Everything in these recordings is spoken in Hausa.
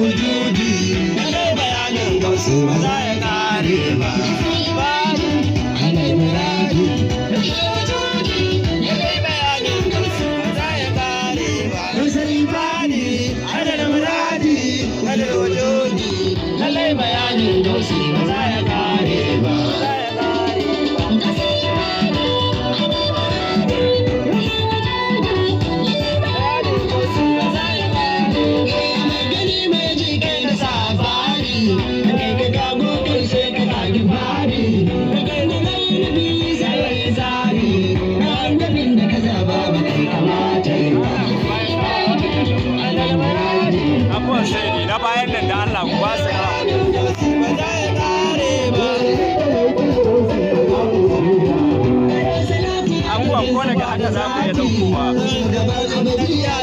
wujudi. Lallai bayanin wasu ba za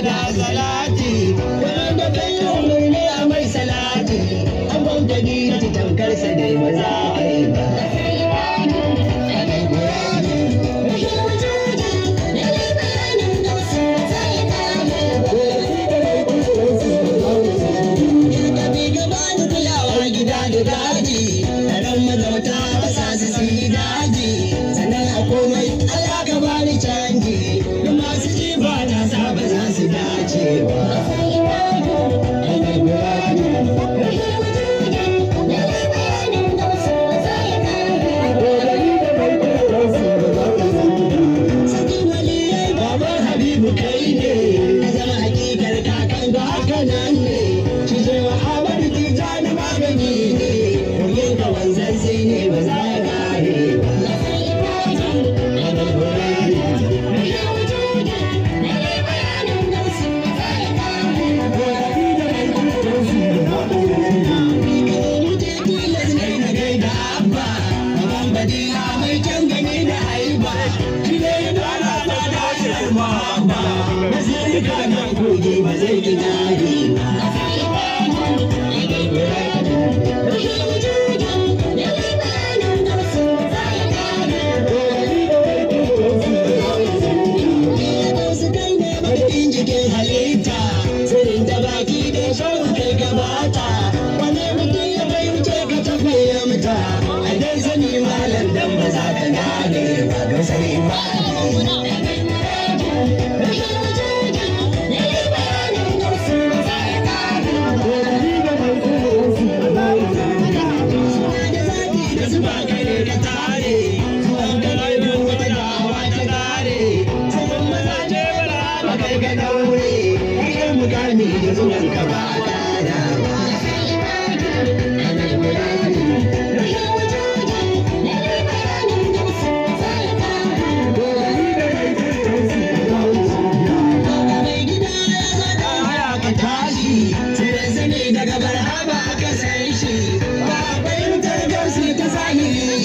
da salati Nigeria. daga nan kogi ba zai gina